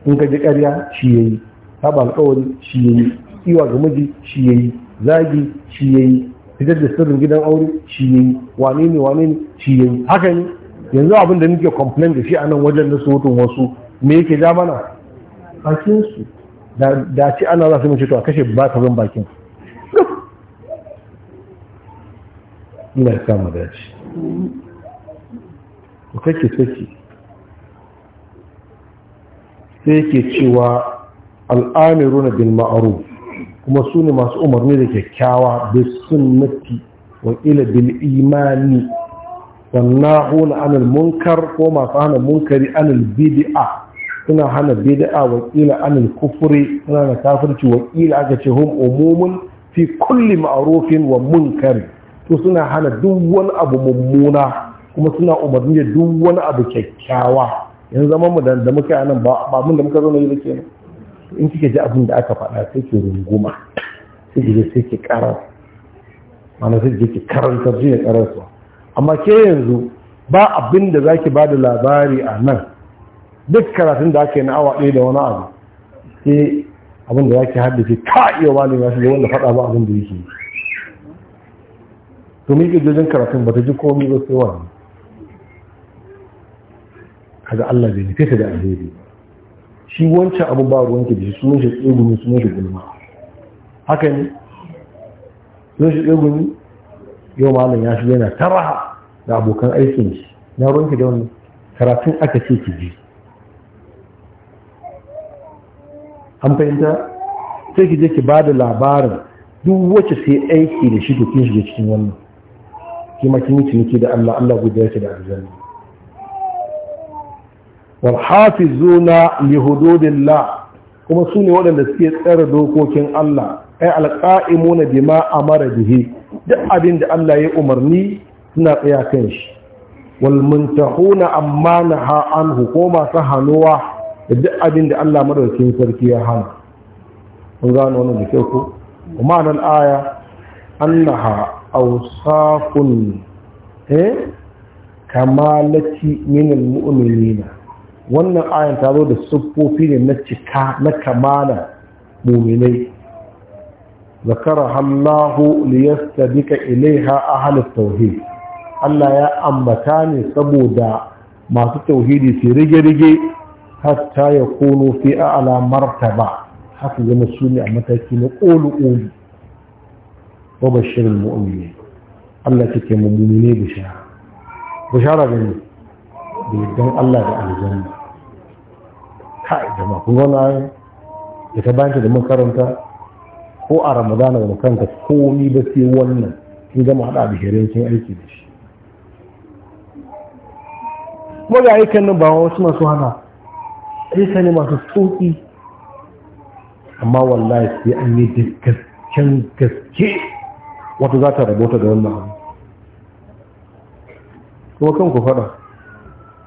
in ka ji karya, shi yayi haɓa alƙawari shi yayi iwa ga miji shi yayi zagi shi yayi fitar da sirrin gidan aure shi yayi wane ne wane ne shi yayi haka ne yanzu abin da nake complain da shi a nan wajen na surutun wasu me yake ja mana bakin su da ce ana za su mace to a kashe batirin bakin Allah ya kama ku kake saki sai yake cewa al'amiru na bin ma'aru kuma su ne masu umarni da kyakkyawa da sunnati wa ila bil imani anil munkar ko masu hana munkari anil bidi'a suna hana bid'a wa kila anil kufuri suna na kafirci wa aka ce hum umumun fi kulli ma'arufin wa munkari to suna hana duk wani abu mummuna kuma suna umarni da duk wani abu kyakkyawa yanzu zama mu da muka yi nan ba mun da muka na yi ba in cike ji abin da aka faɗa sai ke runguma sai ki sai ki karar mana sai ki karanta ji ne karar amma ke yanzu ba abin da zaki ba da labari a nan duk karatun da aka yi na awa ɗaya da wani abu sai abin da zaki haddace ka iya wani ya shiga wanda faɗa ba abin da yake yi to mun ji jojin karatun ba ta ji komi ba sai wani kaga Allah bai nufe ta da alheri shi wancan abu ba ruwan ke shi sun shi tsegumi sun shi gulma haka ne sun shi tsegumi yau malam ya shi yana taraha da abokan aikin shi na ke da wani karatun aka ce ki ji an fahimta sai ki je ki ba da labarin duk wacce sai aiki da shi to kin da cikin wannan kima kin yi da Allah Allah guda yake da aljanna wal hafizuna li hududillah kuma sune waɗanda suke tsare dokokin Allah ai alqa'imuna bima amara bihi duk abin da Allah ya umarni suna tsaya kan shi wal muntahuna amma naha anhu ko masu hanuwa da duk abin da Allah madaukakin sarki ya hana kun gano wannan da kyau ko nan aya annaha Ausafun eh kamalati min almu'minina wannan ayan ta da siffofi ne na cika na kamala mu'minai ذكرها الله ليستبك إليها أهل التوحيد Allah ya ambata ne saboda masu tauhidi su rige-rige hatta ya kono fi a'ala martaba haka zama su ne a mataki na ƙolu-ƙolu wa bashirin mu'amini Allah take mummune bishara bishara ga ne da yaddan Allah da aljanna kai jama'a kun gona ayin da ta bayanta da makaranta ko a ramadana da makaranta komi ba sai wannan sun gama haɗa bishirin kin aiki da shi kuma ga nan ba wasu masu hana aika ne masu tsoki amma wallahi sai an yi da gasken gaske wata za ta rabota da wannan hannu kuma kan ku fada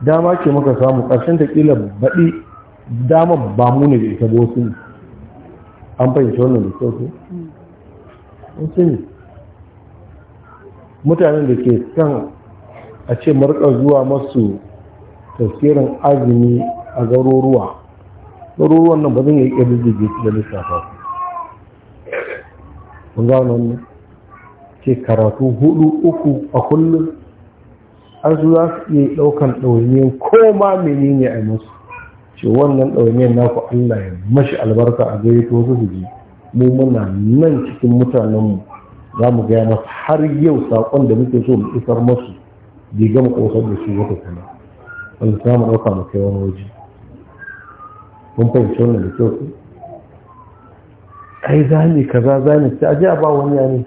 dama ke maka samu ƙarshen ta ƙila baɗi dama ba mu ne da ita ba wasu an fahimci wannan da kyau wasu ne mutanen da ke kan a ce marka zuwa masu tasirin azumi a garuruwa garuruwan nan ba zan yi ƙirgin da lissafa ku. Mun gano wannan? ke karatu hudu uku a kullum An su za su iya ɗaukan ɗauniyar ko ma ne a musu ce wannan na naku Allah ya mashi albarka a gari to su ji mu muna nan cikin mutanenmu za mu gaya masu har yau saƙon da muke so mu isar masu bai gama ƙosar da su wata kuma wanda za mu ɗauka mu kai wani waje mun fahimci wannan da kyau ai za zani kaza za sai a ji ba wani ya ne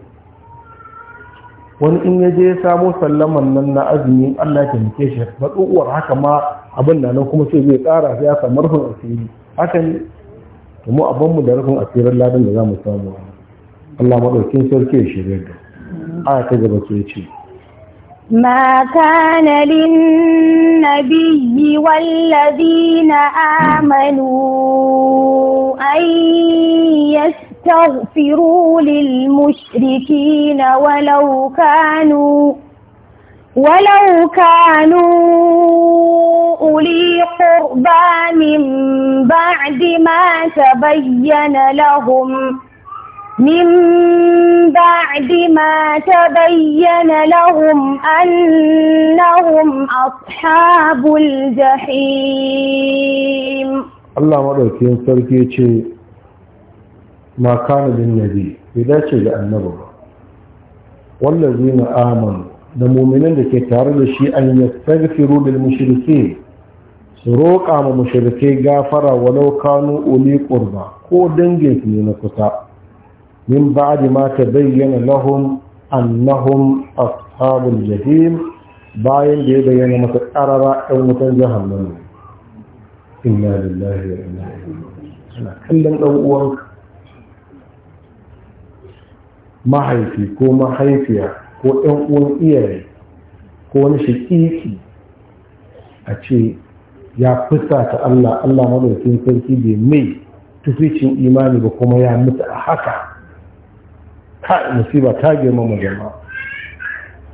wani in ya je ya samo sallaman nan na azumi Allah ya taimake shi ba tsohuwar haka ma abin da nan kuma sai zai tsara sai ya samu rufin asiri haka ne to mu abin mu da rufin asirin ladan da za mu samu Allah madaukin sarki ya shirya da aya ta gaba ce ce ما كان للنبي والذين آمنوا أن تغفروا للمشركين ولو كانوا ولو كانوا أولي قربى من بعد ما تبين لهم من بعد ما تبين لهم أنهم أصحاب الجحيم الله مدركين سركي ma kana nabi bai dace da annabi ba na amanu da mu'minin da ke tare da shi an yastaghfiru lil mushrikeen su roƙa ma mushrikai gafara walau kanu uli qurba ko dangin su ne na kusa min ba'di ma bayyana lahum annahum ashabul jahim bayan da ya bayyana masa ƙarara ɗan wutan jahannama inna lillahi wa inna ilaihi raji'un kallon ɗan uwanka mahaifi ko mahaifiya ko ɗan uwan iyaye ko wani shaƙiƙi a ce ya fusa ta Allah Allah madaukakin sarki bai mai tuficin imani ba kuma ya mutu a haka ta musiba ta girmama jama'a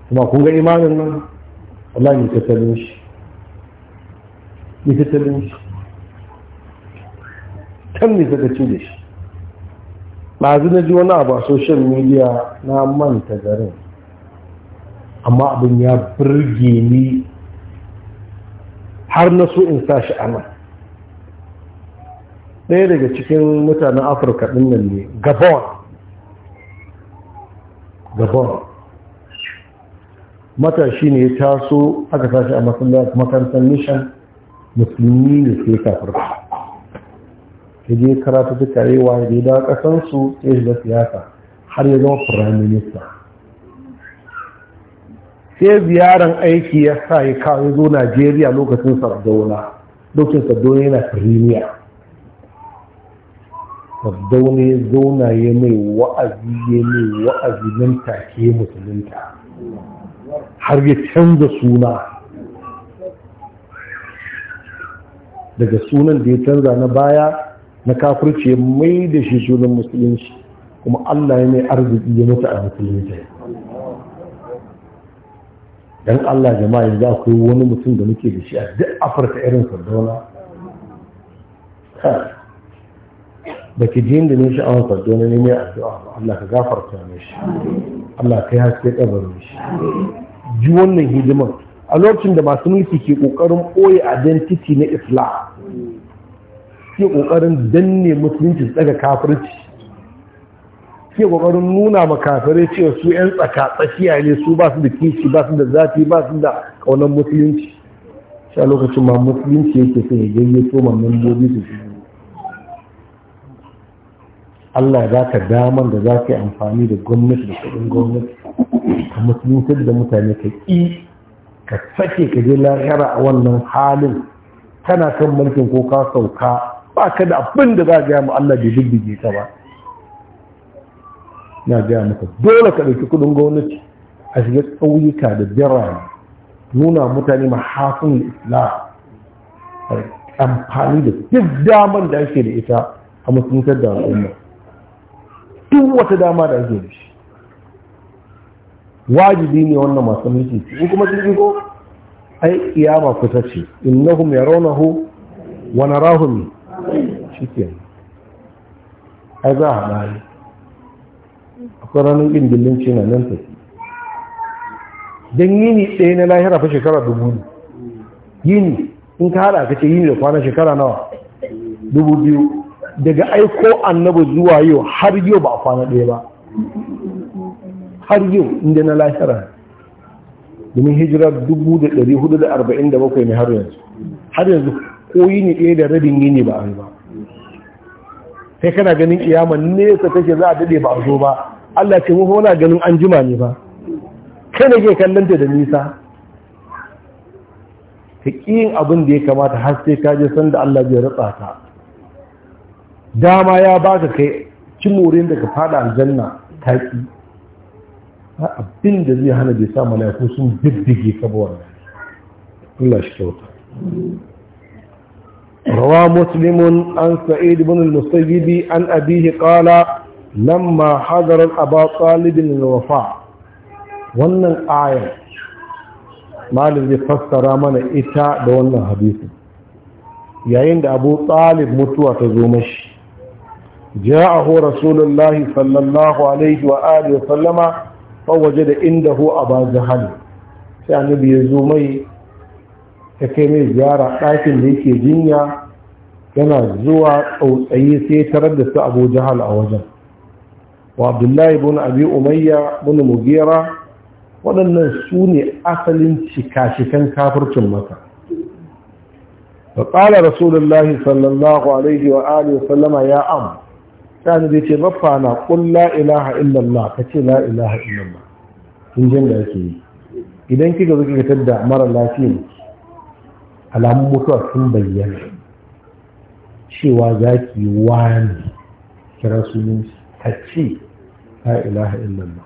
kuma kun ga imanin nan Allah ne tattalin shi ne tattalin shi kan ne saka ci da shi zai na ji wani abu a social media na manta garin amma abin ya birge ni har na so in sa shi ana ɗaya daga cikin mutanen afirka ɗin nan ne gabon gabon matashi ne ya taso aka sashi a makarantar nishan musulmi ne sai kafirka ya je karatu duka yawa ya da kasansu ya shiga siyasa har ya zama prime minister sai ziyaran aiki ya sa ya kawo zo najeriya lokacin sardauna lokacin sardauna yana premier sardauna ya zauna ya mai wa'azi ya mai wa'azi nan take musulunta har ya canza suna daga sunan da ya canza na baya na kafirci ya mai da shi sunan musulunci kuma Allah ya mai arziki ya mutu a musulunci dan Allah jama'a yanzu akwai wani mutum da muke da shi a duk afirka irin sardauna da ki jin da nishi a sardauna ne mai addu'a ba Allah ka gafarta mishi Allah ka yi haske ne shi ji wannan hidimar a lokacin da masu mulki ke kokarin ɓoye identity na islam ke kokarin danne musulunci tsaga kafirci ke kokarin nuna makafirai cewa su yan tsaka tsakiya ne su ba su da kishi ba su da zafi ba su da kaunar musulunci sha lokacin ma musulunci yake sai ya gayyato ma membobi su shigo Allah za ka daman da za ka yi amfani da gwamnati da kudin gwamnati ka musulunci da mutane ka ƙi ka sake ka je lahira a wannan halin kana kan mulkin ko ka sauka ba ka da abin da za a gaya mu Allah bai diddige ka ba na gaya maka dole ka ɗauki kuɗin gwamnati a shiga ƙauyuka da birane nuna mutane mahafin islam amfani da duk damar da ake da ita a mutuntar da al'umma duk wata dama da ake da shi wajibi ne wannan masu mulki in kuma sun ko ai iyama kusa ce innahum yarawnahu wa narahum Cikin, ai za a bayi akwai ranar gindillin ce na nan tafi don yini ɗaya na lahira fa shekara dubu ne yini in ka hada ka ce yini da kwana shekara nawa dubu biyu daga aiko annabi zuwa yau har yau ba a kwana ɗaya ba har yau inda na lahira domin hijirar 447 ne har yanzu har yanzu ko ni ɗaya da rabin yini ba an ba sai kana ganin kiyaman nesa kake za a daɗe ba a zo ba Allah ce mafi wana ganin an jima ne ba kai da ke kallon ta da nisa ta ƙiyin abin da ya kamata har sai ka je sanda Allah bai ratsa ta dama ya baka kai cin wurin da fada aljanna ta ƙi abin da zai hana bai sa mala'iku sun diddige ka kabuwar Allah shi kyauta روى مسلم عن سعيد بن المسيب عن أبيه قال لما حضر أبا طالب الوفاء wannan ayar malin zai fassara mana ita da wannan hadisi yayin da abu talib mutuwa ta zo mashi ja'ahu rasulullahi sallallahu alaihi wa alihi wa sallama fawaje da indahu sai annabi ya zo mai ta kai mai ziyara ɗakin da yake jinya yana zuwa tsautsayi sai tarar da su abu jahal a wajen wa abdullahi bin abi umayya mu mugira waɗannan su ne asalin shika-shikan kafircin maka faƙalar rasulullahi sallallahu alaihi wa alihi sallama ya am sani zai ce mafa na ƙun la'ilaha illallah ka ce la'ilaha illallah in jin da yake yi idan kika zuka ka tadda mara lafiya alamun mutuwa sun bayyana cewa za ki wani kira sunan ka ce la ilaha illallah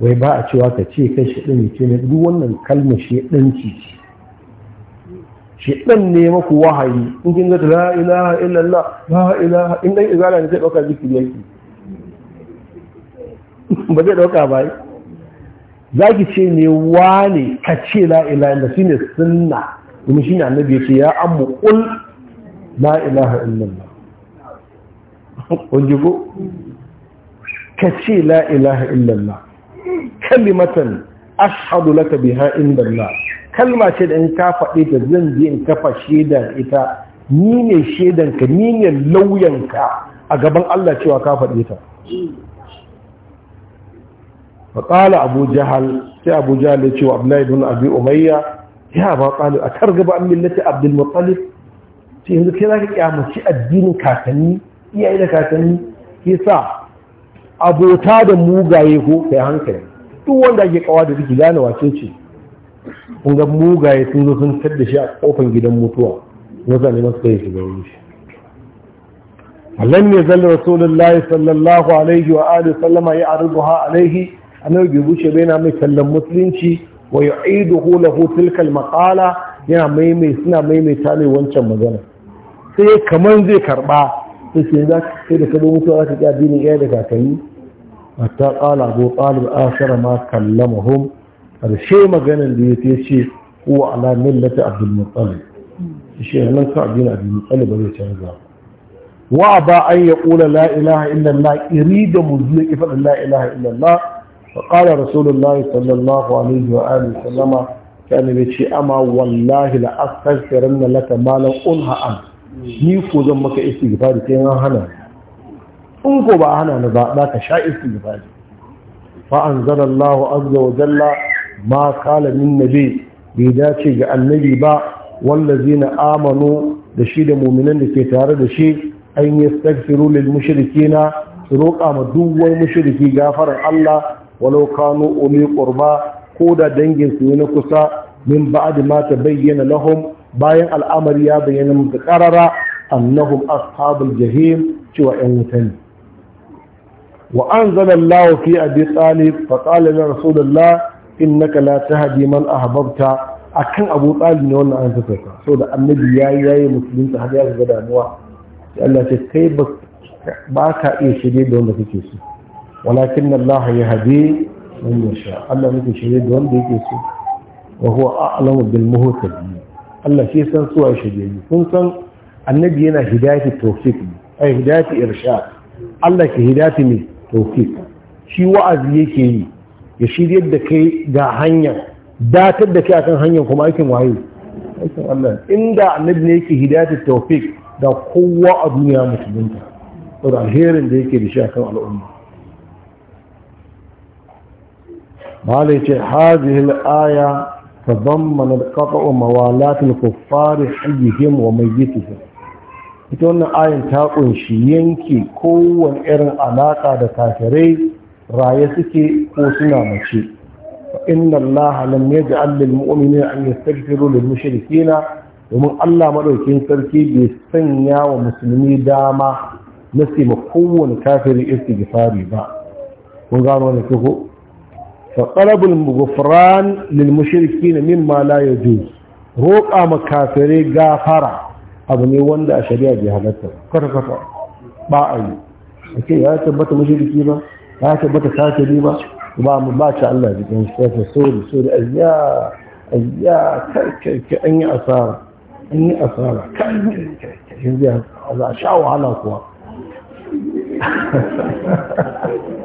wai ba a cewa ka ce kai shi ɗin ce ne duk wannan kalma shi ɗin ce shi ɗan ne maku wahayi in kin zata la ilaha illallah la ilaha in ɗan izala ne zai ɗauka zikiri yake [laughs] ba zai ɗauka ba za ki ce ne wane ka ce la ilaha illallah shine sunna kuma shine annabi ya ce ya ammu qul la ilaha illallah [laughs] kun ko ka ce la ilaha illallah kalimatan ashhadu laka biha inda kalma ce da in ka faɗe ta zan je in kafa shaidar ita ni ne shaidanka ni ne lauyanka a gaban Allah cewa ka faɗe ta Abuja abu jahal sai abu jahal ya ce wa Abdullahi ibn abi umayya ya ba ƙalu a targaba an millata abdul muttalib sai yanzu kai za ka kyamaci addinin kakanni iyaye da kakanni ke sa abota da mugaye ko kai hankali duk wanda ake kawa da duki gane wace ce kun ga mugaye sun zo sun tadda shi a kofan gidan mutuwa wanda ne masu kai shiga wuri shi ne zalla rasulullah sallallahu alaihi wa alihi sallama ya arduha alaihi annabi bai wuce bai na mai kallon musulunci wa yu'iduhu lahu tilka al-maqala yana suna maimaita ne wancan magana sai kamar zai karba sai sai za ka sai da ka zo mutuwa za ka ga dinin iya da kakanni hatta qala abu talib akhara ma kallamahum karshe maganan da ya ce huwa ala millati abdul Mutsali. shi nan ka addinin Mutsali ba zai canza wa ba an yaqula la ilaha illa allah irida muzliki fa la ilaha illallah? فقال رسول الله صلى الله عليه وآله وسلم كان بيشي أما والله لأستغفرن لك ما لو أنهى عنه ni ko zan maka istighfari sai an hana in ko ba hana ni ba za ka sha istighfari fa anzalallahu azza wa jalla ma qala min nabi bai dace ga annabi ba wallazina amanu da shi da mu'minan da ke tare da shi an yastaghfiru lil mushrikina su roƙa ma duk wani mushriki gafarar Allah walau kanu umi qurba ko da dangin su na kusa min ba'd ma tabayyana lahum bayan al'amari ya bayyana musu qarara annahum ashabul jahim cewa yan wutan wa anzala Allah fi abi talib fa qala li rasulillah innaka la tahdi man ahbabta akan abu talib ne wannan an saka ka da annabi yayi yayi musulunta har ya ga damuwa Allah ce kai ba ka iya shirye da wanda kake so walakin Allah ya hadi man yasha Allah muke shirye da wanda yake so wa huwa a'lamu bil muhtadin Allah shi san suwa shirye kun san annabi yana hidayati tawfiq ai hidayati irshad Allah ke hidayati ne tawfiq shi wa'azi yake yi ya shiryar da kai ga hanya datar da kai akan hanyar kuma aikin waye aikin Allah inda annabi ne yake hidayati tawfiq da kowa a duniya musulunta alherin da yake da shi akan al'umma mahala ya ce hajihil aya ta zammana da kafa'o mawalatin kuffari hajjihim wa mai ita wannan ayin ta kunshi yanke kowane irin alaƙa da kafirai raye suke ko suna mace inna allaha lam yaj'al lil mu'minina an yastaghfiru lil mushrikeena domin Allah madaukin sarki bai sanya wa musulmi dama na ma kowane kafirin istighfari ba kun gano ne ko فطلب الغفران للمشركين مما لا يجوز روقا مكافري غفرا ابني وندا شريعه جهالته كركفه با اي اكي يا تبت مشركي با يا تبت كافري با ما ما شاء الله جن يعني شوف سور سور ايا ايا كيف كان يا اثار اني اثار يا الله شاو على [laughs]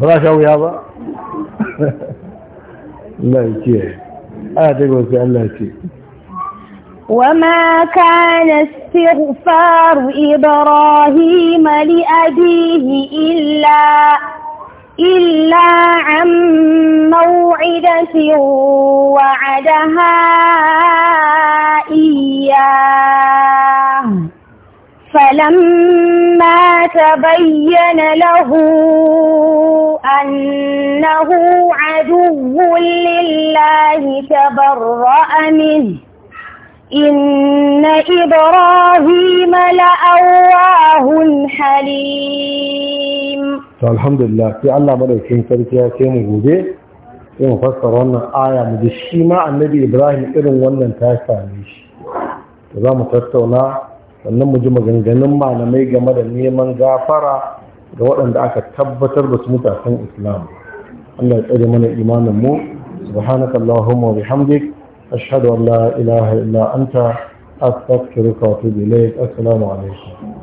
فراشة يابا؟ لا يكيه آتك وسأل لا يكيه وما كان استغفار إبراهيم لأبيه إلا إلا عن موعدة وعدها إياه فلما تبين له أنه عدو لله تبرأ منه إن إبراهيم لأواه حليم الحمد لله في الله من يكون فرقيا كيم وجوده يوم فسر أن آية مدشيمة النبي إبراهيم إلو ونن تاسع ليش تزام فرقه sannan mu ji maganganun malamai game da neman gafara ga waɗanda aka tabbatar da su mutakan islam Allah ya tsare mana imanin mu subhanaka allahumma wa bihamdik ashhadu an la ilaha illa anta astaghfiruka wa atubu ilayk assalamu alaikum